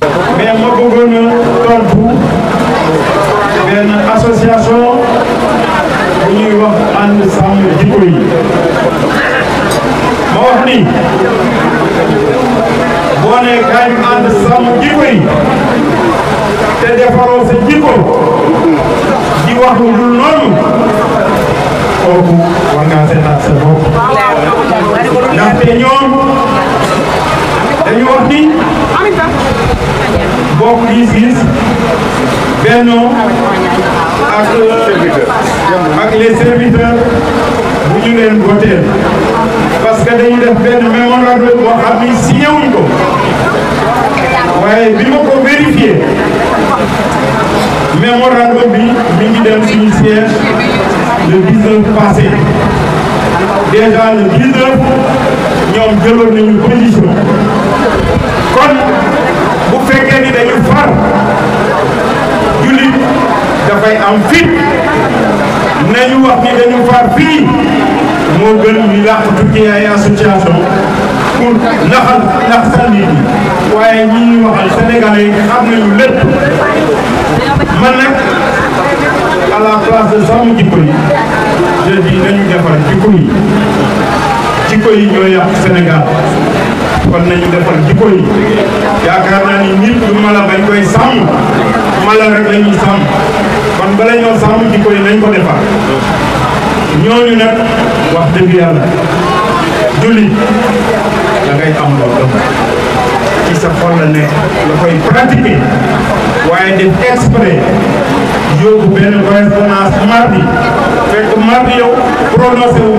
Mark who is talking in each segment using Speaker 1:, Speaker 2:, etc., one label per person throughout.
Speaker 1: mais ma bëggoon na tontu benn association bu wax ànd sàmm jikko yi ma wax ni boo nee te defaroo jikko di wax lu Senhor, dañoo wax ni bokk gis-gis bennoo ak ak les serviteurs bu ñu leen voteel parce que dañu def benn mémorandum que xam ni signé wuñ ko waaye bi ma ko vérifié mémorandum bi mi ngi dem suñu siège le 19 passé déjà le 19 jëloon nañu position kon bu fekkee ni dañu far jullit dafay am fit nañu wax ni dañu far fii moo gën ñu làqatu ci ay association pour naxal naxal nit waaye ñi ñuy waxal sénégalais yi xam nañu lépp man nag à la place de sàmm jikko yi nañu defar jikko yi jikko yi ñooy yàq Sénégal kon nañu defal jikko yi yaakaar naa ni nit du mala bañ koy sàmm mala rek la ñuy sàmm kon bala sàmm jikko yi nañ ko defar ñooñu nag wax dëgg yàlla julli da ngay am loolu ci sa xol la nekk la koy pratiquer waaye def exprès yóbbu benn correspondance mardi fekk mardi yow prononcé wu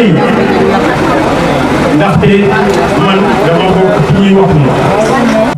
Speaker 1: rëy ndaxte man dama bokk ci ñuy wax ma